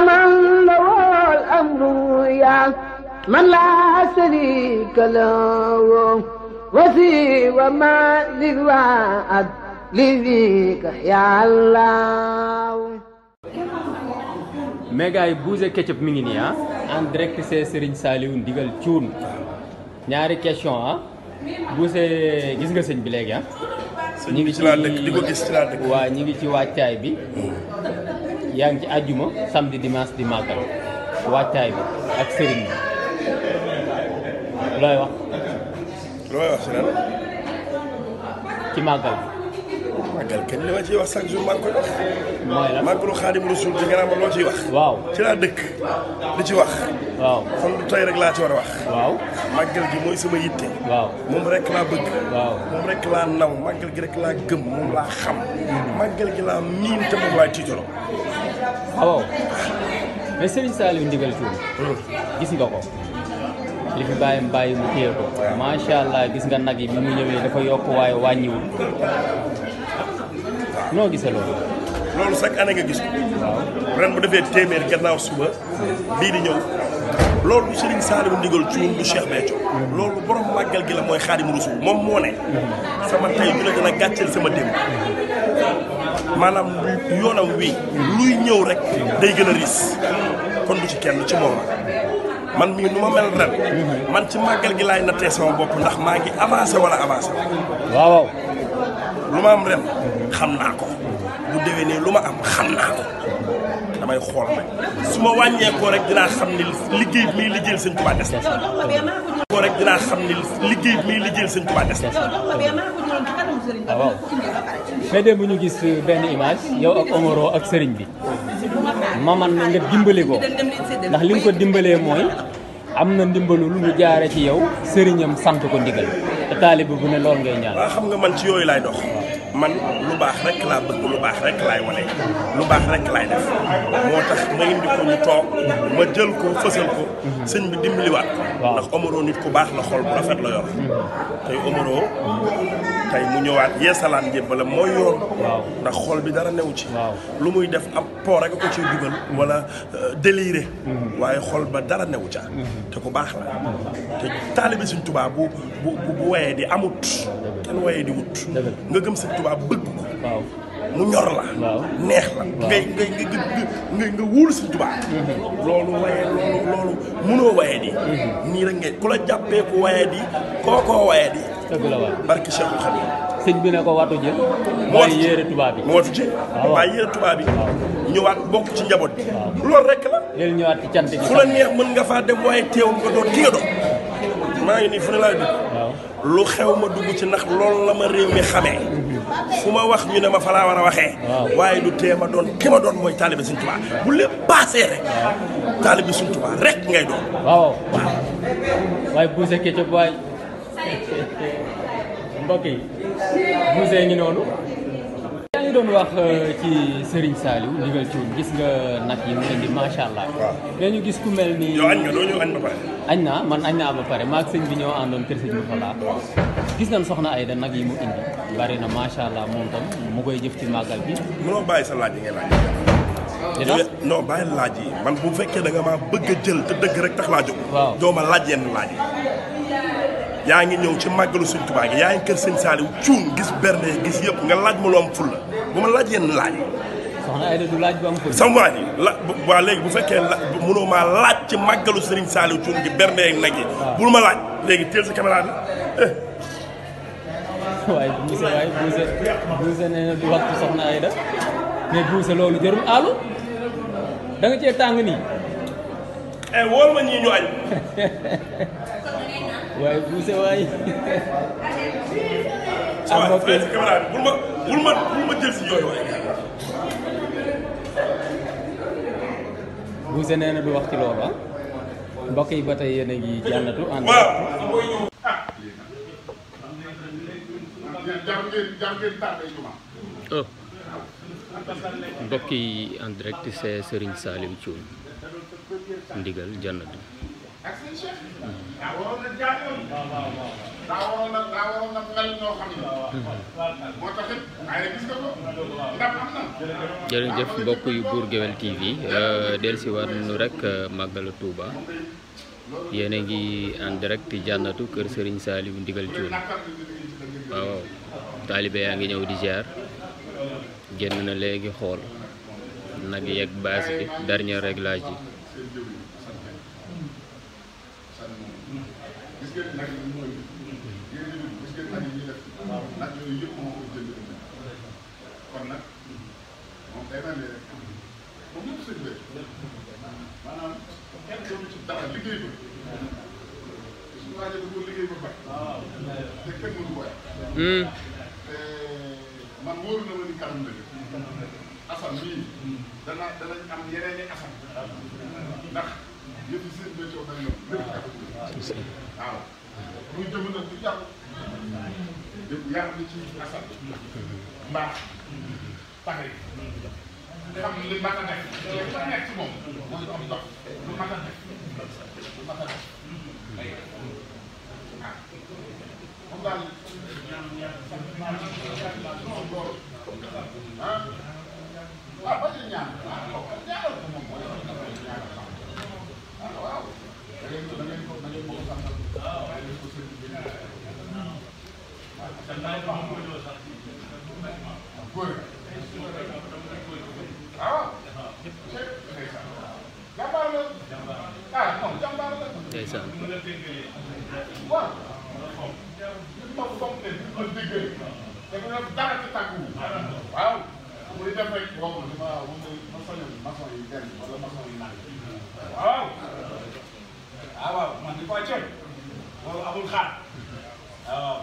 من la الأمر يا من لا شريك له وفي وما للوعد لذيك يا الله mais gars yi Boucher Ketchup mi ngi nii ah en direct c'est Serigne Saliou Ndigal Thioune ñaari question ah gis nga sëñ bi léegi ah. ñu ngi ci laa bi. Hmm. yaa ngi ci àjjuma samedi dimanche di màggal waajtaay bi ak sëriñ looy wax. looy wax si lan. ci màggal bi. màggal li ma ciy wax ci garaam loo ciy wax. ci laa dëkk. di ci wax. waaw kon tey rek laa war wax. waaw. màggal gi mooy sama yitte. waaw moom rek laa bëgg. waaw moom rek laa naw màggal gi rek laa gëm moom laa xam. Hmm. màggal gi laa miin te moom laa tiitaroo. Ah, waaw mais Serigne Saliou Ndigal Touré. Hmm. gis nga ko. li fi bàyyam bàyyi mu téye ko. macha allah gis nga nag yi bi mu ñëwee dafa yokk waaye wàññiwul. noo gisee loolu. loolu chaque année nga gis ko ren bu defee téeméer gannaaw suba bii di ñëw loolu bu Serigne Saliou ndigal cuun bu Cheikh Béthio loolu borom màggal gi la mooy Xaadimu Rasuul moom moo ne sama tey ju la dana gàcceel sama démb maanaam yoonam wi luy ñëw rek day gën a riis ci kenn ci man mii nu ma mel ren man ci màggal gi laay nattee sama bopp ndax maa ngi avancé wala avancé waaw lu ma am ren xam naa ko bu ne lu ma am xam naa xool su ma wàññeekoo rek dinaa xam ni liggéey bi muy liggéey bi muy liggéeyal sëñ Tuubaa ah, ñu gis benn image yow ak Omaro ak sëriñ bi maman na nga dimbale ko ndax li nga ko dimbalee mooy am na ndimbalul mu jaare ci yow sëriñam sant ko ndigal te taalibe bu ne lool ngay ñaan waaw xam nga man ci yooyu laay dox man lu baax rek laa bëgg lu baax rek laay wane lu baax rek lay def moo tax ma indi ko ñu toog ma jël ko fësal ko sëñ bi dimbaliwaat ko ndax Omaro nit ku baax la xol bu rafet la yor hmm. tey Omaro tey mu ñëwaat yeesalaat njébbalam mooy yoon. ndax xol bi dara newu ci. lu muy def ab po rek ko ciy euh, mm-hmm. waaye xol ba dara newu ca. Mm-hmm. te ku baax la te taalibe Sëñ Tuubaa bu bu bu di amut. kenn wayee di wut. nga gëm si tubaab bëgg ko. mu ñor la. neex la. nga wóolu Sëñ Tuubaa. Mm-hmm. loolu waye loolu loolu mënoo waye di. nii rek nga ku la jàppee waye di koo waye di. dëgg la waaw barki Cheikhul Khadim. bi ne ko watu jël. mooy yéere tubaab moo fi ci waaw yéere tubaab bi. Ah, ah. ñëwaat bokk ci njaboot bi. Ah. loolu rek la. léegi ñëwaat ci cant fu la neex mën nga faa dem waaye teewul nga doon ki nga doon. maa ngi nii fu ne laay dugg. ma dugg ci ndax loolu la ma réew mi xamee. Mhm. fu ma wax ñu ne ma fa laa war a waxee. waaye du tee ma doon ki doon mooy taalibe Sëñ Tuubaa bu lépp paasee rek. taalibe Sëñ Tuubaa rek ngay doon. waaw waaye bu sekkee ca mbokk yi musée ngi noonu yaa ngi doon wax euh, ci Serigne Saliou ndigal ci gis nga nag yi mu indi macha allah. waaw ñu gis ku mel ni. yow añ nga doo ñëw añ ba pare. añ naa man añ naa ba pare maag sëñ bi ñoo àndoon kër sëñ bi gis nañ soxna Aida nag yi mu indi. bari na macha allah moom tam mu koy jëf ci màggal bi. mënoo bàyyi sa laaj yi ngay laaj. dina non bàyyi laaj yi man bu fekkee da nga maa bëgg a jël te dëgg rek tax laa jóg. waaw laaj yenn laaj yaa ngi ñëw ci màggalu Sëñ Tuubaa gi yaa ngi kër Sëñ Saaliw cuun gis berne gis yëpp nga laaj ma lu am ful bu ma laaj yenn laaj. soxna Aida du laaj bu am ful. la bu fekkee la mënoo maa laaj ci màggalu Sëriñ Saaliw cuun gi berne ak nag yi. bul léegi teel sa caméra bi eh. waaye buuse waaye buuse tàng nii. eh ma ñii ñu añ. waaye buuse waay. buuse nee na du wax ci loolu ah. yi ba te yéen a ngi jànnatu. en direct mbokk yi en direct c'est Serigne Saliou Thioune ndigal jànnatu ak seen chef. daa waroon na jaar yoon. waaw waaw waaw. na daa jërëjëf mbokk yu Bour Gueweul TV euh, dellusiwaat nañu rek euh, màggalu Touba yéen ngi en direct jànnatu kër Serigne Saliou Ndigal Thioune waaw taalibe yaa ngi ñëw di ziar génn na léegi xool nag yeeg base bi dernier réglage yi. day ma ni xam li mat a nekk li ma nekk ci moom mooy am ndox lu mat a nekk lu mat a nekk ah moom daal ah waaw bañ a ñaan ñaanal ko moom mooy ñaanal ko ah waaw da ngeen ko da ngeen ko da ngeen ko santal da ngeen ko sëñ bi waaw góor waaw jàmbaar la ah non jàmbaar la ndeysaan waaw moom comme ne bi ma déggee dafa doon dara ci tànk wu waaw muy def rek boobu li ma wax ne maçon yi maçon yi benn wala maçon yi naan waaw ah waaw man di ko coy loolu amul xaar waaw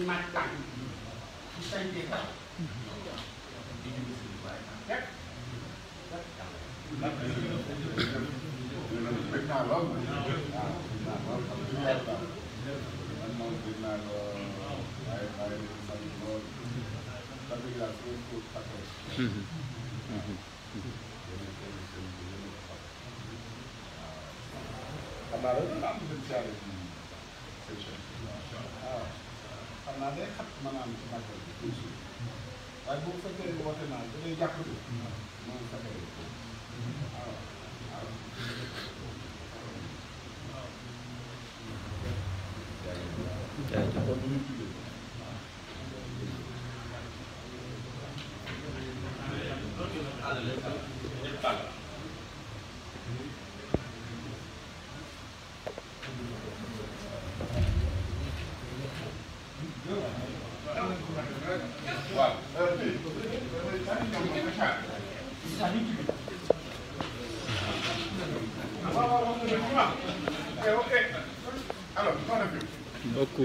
ci màkka ci sañte sax Amaro, não, não, não, não, não, não, xam naa day xat mën naa am ci màggal bi waaye bu fekkee ne woote naa da ngay jàpp ni moom fekkee waaw waaw jaajëf mbokku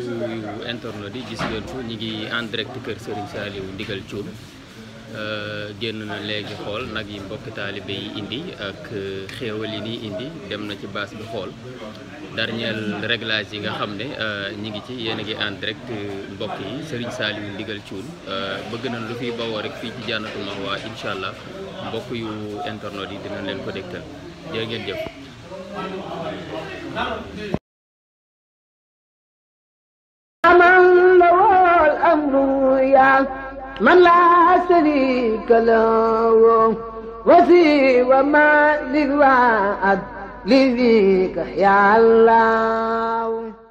internet yi gis ngeen ko ñu ngi en direct kër Serigne Saliou Ndigal Thioune euh, génn na léegi xool nag yi mbokki taalibe yi indi ak xéewal yi nii indi dem na ci baas bi xool dernier réglage yi nga xam ne euh, ñi ngi ci yéen a ngi en direct euh, mbokk yi Serigne Saliou Ndigal Thioune bëgg na lu fiy bawoo rek fii ci Jannatul waa incha allah mbokk yu internet yi dina leen ko dégtal jërë من لا شريك له وسيو ما للوعد لذيك يا الله